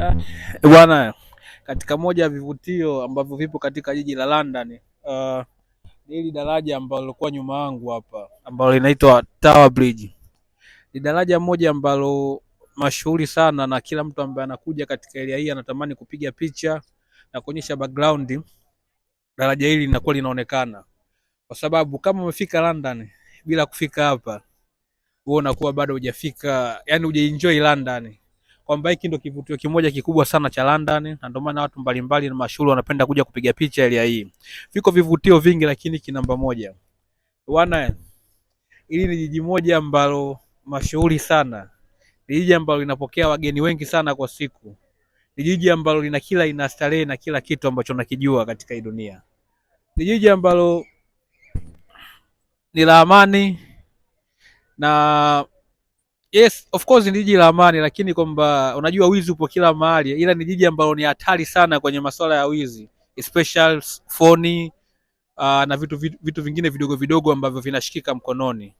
Eh, bwana, katika moja ya vivutio ambavyo vipo katika jiji la London uh, ni hili daraja ambalo lilikuwa nyuma yangu hapa ambalo linaitwa Tower Bridge. Ni daraja moja ambalo mashuhuri sana na kila mtu ambaye anakuja katika area hii anatamani kupiga picha na kuonyesha background. Daraja hili linakuwa linaonekana kwa sababu kama umefika London bila kufika hapa, wewe unakuwa bado hujafika, yani hujaenjoy London kwamba hiki ndio kivutio kimoja kikubwa sana cha London, na ndio maana watu mbalimbali na mashuhuri wanapenda kuja kupiga picha ile hii. Viko vivutio vingi, lakini ki namba moja wana hili ni jiji moja ambalo mashuhuri sana, ni jiji ambalo linapokea wageni wengi sana kwa siku, ni jiji ambalo lina kila ina starehe na kila kitu ambacho nakijua katika hii dunia, ni jiji ambalo ni la amani na Yes, of course ni jiji la amani, lakini kwamba unajua wizi upo kila mahali, ila ni jiji ambalo ni hatari sana kwenye masuala ya wizi, especially phone uh, ah, na vitu, vitu, vitu vingine vidogo vidogo ambavyo vinashikika mkononi.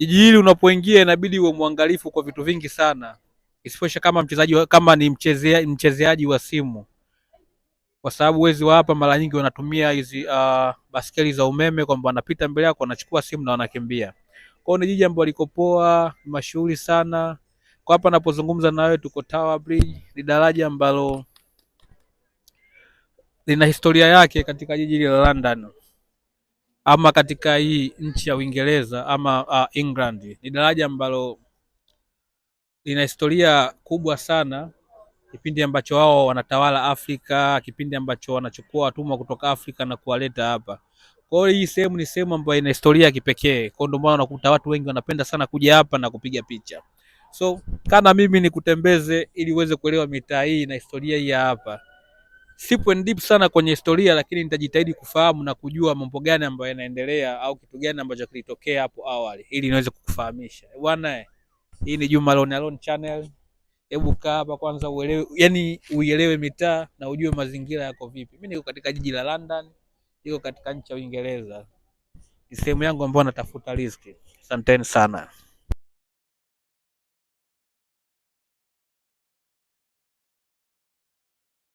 Jiji hili unapoingia inabidi uwe mwangalifu kwa vitu vingi sana, especially kama mchezaji, kama ni mchezea, mchezeaji wa simu, kwa sababu wezi wa hapa mara nyingi wanatumia hizi uh, baskeli za umeme kwamba wanapita mbele yako wanachukua simu na wanakimbia kwao ni jiji ambalo liko poa, mashuhuri sana. Kwa hapa napozungumza na wewe tuko Tower Bridge, ni daraja ambalo lina historia yake katika jiji la London ama katika hii nchi ya Uingereza ama uh, England. Ni daraja ambalo lina historia kubwa sana kipindi ambacho wao wanatawala Afrika, kipindi ambacho wanachukua watumwa kutoka Afrika na kuwaleta hapa. Kwa hiyo hii sehemu ni sehemu ambayo ina historia ya kipekee, kwa ndio maana unakuta watu wengi wanapenda sana kuja hapa na kupiga picha. So kana mimi nikutembeze ili uweze kuelewa mitaa hii na historia hii ya hapa. Sipo deep sana kwenye historia, lakini nitajitahidi kufahamu na kujua mambo gani ambayo yanaendelea au kitu gani ambacho kilitokea hapo awali ili niweze kukufahamisha bwana. Hii ni Juma Lonalon Channel hebu kaa hapa kwanza uelewe, yani uielewe mitaa na ujue mazingira yako vipi. Mimi niko katika jiji la London, niko katika nchi ya Uingereza. Ni sehemu yangu ambayo natafuta riziki. Asanteni sana.